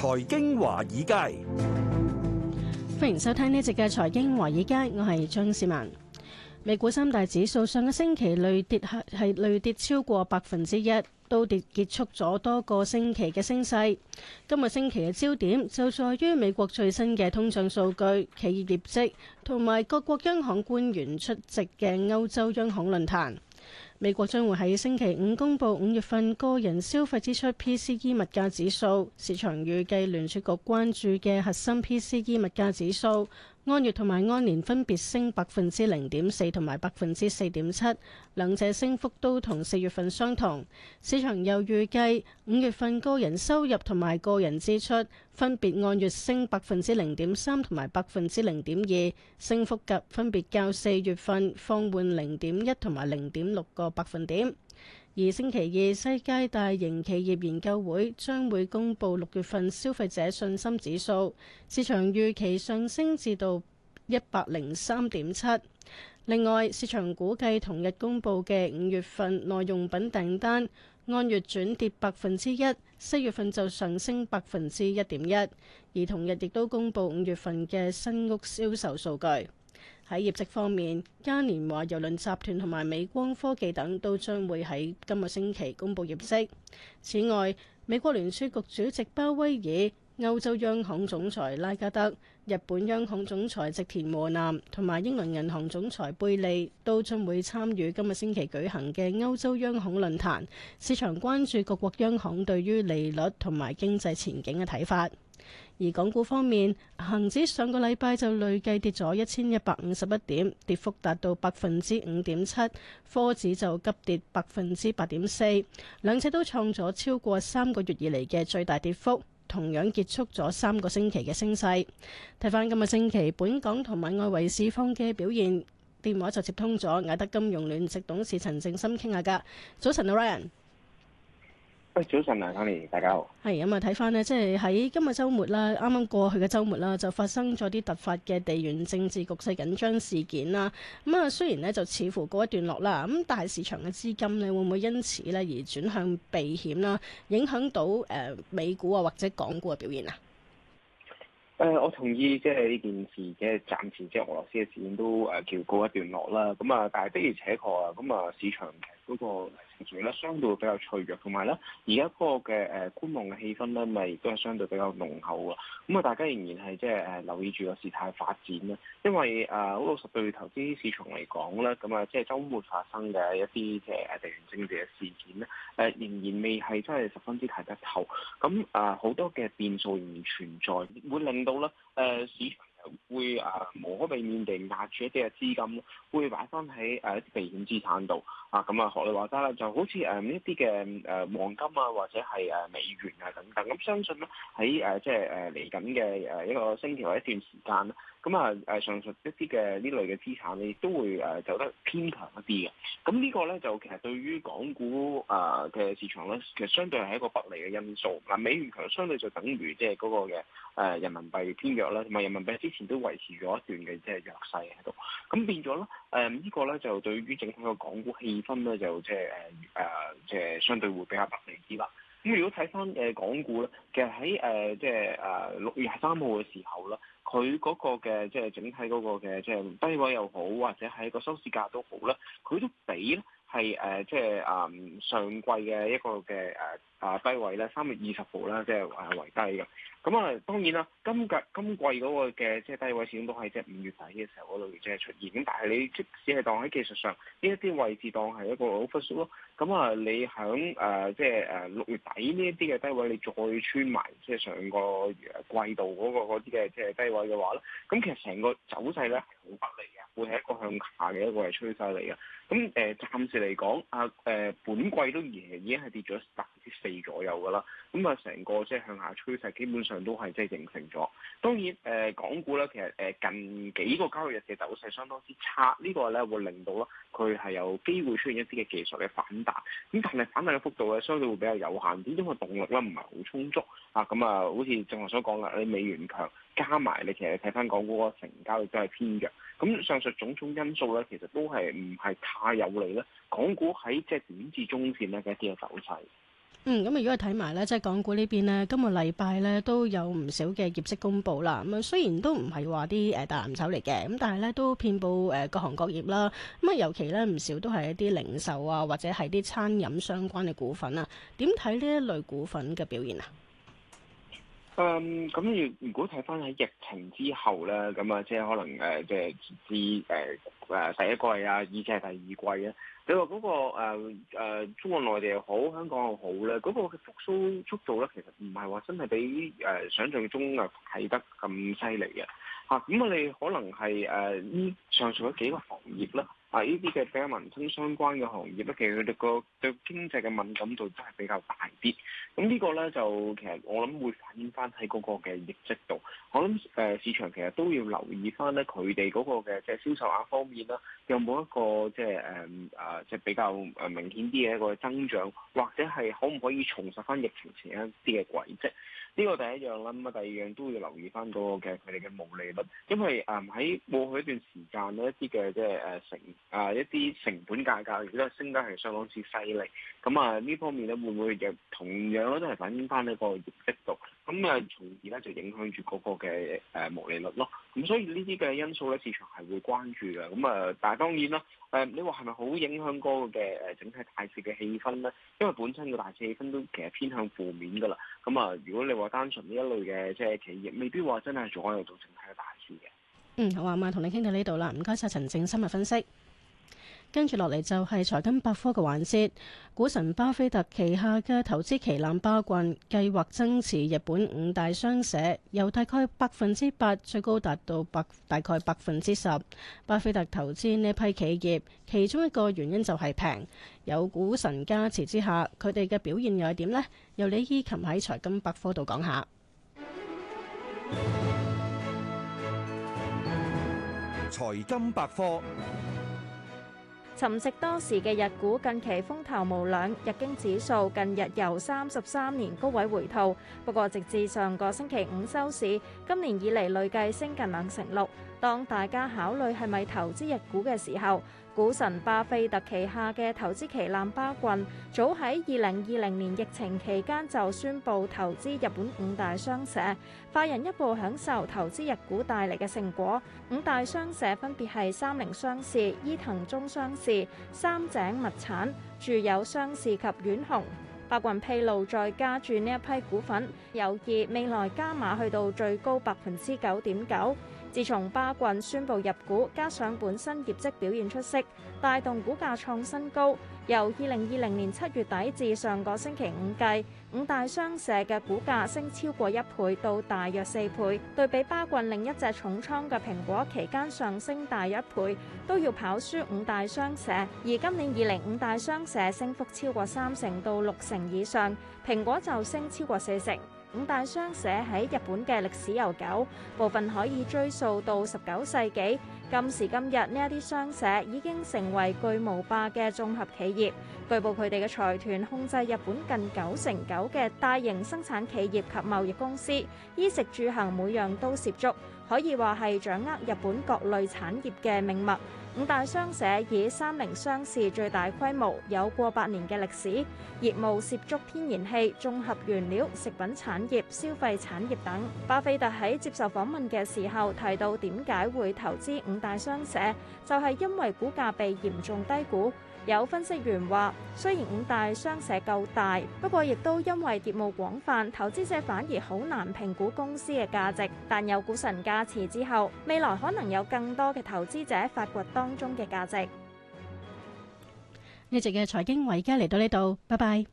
財經華爾街，歡迎收聽呢一節嘅財經華爾街。我係張思文。美股三大指數上個星期累跌係累跌超過百分之一，都跌結束咗多個星期嘅升勢。今個星期嘅焦點就在於美國最新嘅通脹數據、企業業績同埋各國央行官員出席嘅歐洲央行論壇。美國將會喺星期五公佈五月份個人消費支出 PCE 物價指數，市場預計聯儲局關注嘅核心 PCE 物價指數，按月同埋按年分別升百分之零點四同埋百分之四點七，兩者升幅都同四月份相同。市場又預計五月份個人收入同埋個人支出分別按月升百分之零點三同埋百分之零點二，升幅及分別較四月份放緩零點一同埋零點六個百分點。而星期二，世界大型企業研究會將會公布六月份消費者信心指數，市場預期上升至到一百零三點七。另外，市場估計同日公布嘅五月份耐用品訂單按月轉跌百分之一，四月份就上升百分之一點一。而同日亦都公布五月份嘅新屋銷售數據。喺業績方面，嘉年華郵輪集團同埋美光科技等都將會喺今個星期公布業績。此外，美國聯儲局主席鮑威爾、歐洲央行總裁拉加德、日本央行總裁植田和男同埋英倫銀行總裁貝利都將會參與今個星期舉行嘅歐洲央行論壇，市場關注各國央行對於利率同埋經濟前景嘅睇法。而港股方面，恒指上個禮拜就累計跌咗一千一百五十一點，跌幅達到百分之五點七，科指就急跌百分之八點四，兩者都創咗超過三個月以嚟嘅最大跌幅，同樣結束咗三個星期嘅升勢。睇翻今個星期，本港同埋外圍市方嘅表現，電話就接通咗，艾德金融聯席董事陳正深傾下噶。早晨，Aaron。喂，早晨啊，Tony，大家好。係咁啊，睇翻呢，即係喺今日週末啦，啱啱過去嘅週末啦，就發生咗啲突發嘅地緣政治局勢緊張事件啦。咁、嗯、啊，雖然呢，就似乎告一段落啦，咁但係市場嘅資金咧會唔會因此呢而轉向避險啦？影響到誒、呃、美股啊或者港股嘅表現啊？誒、呃，我同意，即係呢件事暫即嘅暫時即係俄羅斯嘅事件都誒叫、呃、告一段落啦。咁啊，但係的而且確啊，咁啊市場。呃市場嗰個情緒咧相對比較脆弱，同埋咧而家個嘅誒觀望嘅氣氛咧，咪都係相對比較濃厚喎。咁啊，大家仍然係即係留意住個事態發展咧，因為誒好老實對投資市場嚟講咧，咁啊即係周末發生嘅一啲即係地緣政治嘅事件咧，誒仍然未係真係十分之睇得透，咁誒好多嘅變數仍然存在，會令到咧誒、呃、市。會誒無可避免地壓住一啲嘅資金，會擺翻喺誒一啲避險資產度啊。咁啊，學你話齋啦，就好似呢、嗯、一啲嘅誒黃金啊，或者係誒美元啊等等。咁相信咧喺誒即係誒嚟緊嘅誒一個星期或一段時間咧。咁啊，誒、呃、上述一啲嘅呢類嘅資產，你都會誒、呃、走得偏強一啲嘅。咁呢個咧就其實對於港股啊嘅、呃、市場咧，其實相對係一個不利嘅因素。嗱、呃，美元強相對就等於即係嗰個嘅誒、呃、人民幣偏弱啦，同、呃、埋人民幣之前都維持咗一段嘅即係弱勢喺度。咁變咗咧，誒、呃這個、呢個咧就對於整體嘅港股氣氛咧，就即係誒誒，即、呃、係、呃、相對會比較不利啲啦。咁如果睇翻誒港股咧，其實喺誒即係誒六月十三號嘅時候啦，佢嗰個嘅即係整體嗰個嘅即係低位又好，或者係個收市價都好啦，佢都比咧。係誒、呃，即係誒、呃、上季嘅一個嘅誒誒低位咧，三月二十號咧，即係誒、呃、為低嘅。咁啊，當然啦，今屆今季嗰個嘅即係低位始終都係即係五月底嘅時候嗰度即係出現。咁但係你即使係當喺技術上呢一啲位置當係一個好 fresh 咯。咁啊，你響誒即係誒六月底呢一啲嘅低位，你再穿埋即係上個季度嗰、嗰個嗰啲嘅即係低位嘅話咧，咁其實成個走勢咧係好不利嘅。會係一個向下嘅一個係趨勢嚟嘅，咁誒、呃、暫時嚟講，阿、啊、誒、呃、本季都已經係跌咗百分之四左右噶啦，咁啊成個即係向下趨勢基本上都係即係形成咗。當然誒、呃、港股咧，其實誒、呃、近幾個交易日嘅走勢相當之差，這個、呢個咧會令到咧佢係有機會出現一啲嘅技術嘅反彈，咁但係反彈嘅幅度咧相對會比較有限，因為動力咧唔係好充足啊。咁啊，好似正話所講嘅，你美元強。加埋你，其實睇翻港股個成交亦都係偏弱。咁上述種種因素咧，其實都係唔係太有利咧。港股喺即係短至中線咧，嘅一啲嘅走勢？嗯，咁如果睇埋咧，即係港股呢邊咧，今個禮拜咧都有唔少嘅業績公佈啦。咁雖然都唔係話啲誒大藍籌嚟嘅，咁但係咧都遍佈誒各行各業啦。咁啊，尤其咧唔少都係一啲零售啊，或者係啲餐飲相關嘅股份啊。點睇呢一類股份嘅表現啊？誒咁如如果睇翻喺疫情之後咧，咁啊、呃，即係可能誒，即係至誒誒第一季啊，以至係第二季啊。你話嗰、那個誒、呃啊、中國內地又好，香港又好咧，嗰、那個復甦速度咧，其實唔係話真係比誒、呃、想象中啊睇得咁犀利嘅吓。咁我哋可能係誒依上述嗰幾個行業啦。啊！呢啲嘅比較民生相關嘅行業咧，其實佢哋個對經濟嘅敏感度真係比較大啲。咁呢個咧就其實我諗會反映翻喺嗰個嘅業績度。我諗誒、呃、市場其實都要留意翻咧佢哋嗰個嘅即係銷售額方面啦，有冇一個即係誒啊即係比較誒明顯啲嘅一個增長，或者係可唔可以重拾翻疫情前一啲嘅軌跡？呢、呢個第一樣啦。咁啊第二樣都要留意翻嗰個嘅佢哋嘅毛利率，因為誒喺過去一段時間咧一啲嘅即係誒、呃、成。啊、呃！一啲成本價格，亦都升得係相當之犀利，咁啊呢方面咧會唔會又同樣都係反映翻呢個業績度？咁啊從而咧就影響住嗰個嘅誒毛利率咯。咁所以呢啲嘅因素咧，市場係會關注嘅。咁啊，但係當然啦，誒、呃、你話係咪好影響嗰個嘅誒整體大市嘅氣氛咧？因為本身個大市氣氛都其實偏向負面噶啦。咁啊，如果你話單純呢一類嘅即係企業，未必話真係左右到整體大。嗯，好啊，咁同你傾到呢度啦，唔該晒陳靜深入分析。跟住落嚟就係財金百科嘅環節。股神巴菲特旗下嘅投資旗艦巴郡計劃增持日本五大商社，由大概百分之八，最高達到百大概百分之十。巴菲特投資呢批企業，其中一個原因就係平。有股神加持之下，佢哋嘅表現又係點呢？由李依琴喺財金百科度講下。 財金百科，沉寂多時嘅日股近期風頭無兩，日經指數近日由三十三年高位回吐，不過直至上個星期五收市，今年以嚟累計升近兩成六。當大家考慮係咪投資日股嘅時候，股神巴菲特旗下嘅投資旗艦巴郡早喺二零二零年疫情期間就宣布投資日本五大商社，快人一步享受投資日股帶嚟嘅成果。五大商社分別係三菱商事、伊藤忠商事、三井物產、住友商事及丸紅。巴郡披露再加注呢一批股份，有意未來加碼去到最高百分之九點九。自從巴郡宣布入股，加上本身業績表現出色，帶動股價創新高。由二零二零年七月底至上個星期五計，五大商社嘅股價升超過一倍到大約四倍，對比巴郡另一隻重倉嘅蘋果，期間上升大一倍，都要跑輸五大商社。而今年二零五大商社升幅超過三成到六成以上，蘋果就升超過四成。五大商社喺日本嘅歷史悠久，部分可以追溯到十九世紀，今時今日，呢一啲商社已經成為巨無霸嘅綜合企業，據報佢哋嘅財團控制日本近九成九嘅大型生產企業及貿易公司，衣食住行每樣都涉足，可以話，係掌握日本各類產業嘅命脈。五大商社以三菱商事最大規模，有過百年嘅歷史，業務涉足天然氣、綜合原料、食品產業、消費產業等。巴菲特喺接受訪問嘅時候提到，點解會投資五大商社，就係、是、因為股價被嚴重低估。有分析員話，雖然五大商社夠大，不過亦都因為業務廣泛，投資者反而好難評估公司嘅價值。但有股神加持之後，未來可能有更多嘅投資者發掘當中嘅價值。呢集嘅財經維家嚟到呢度，拜拜。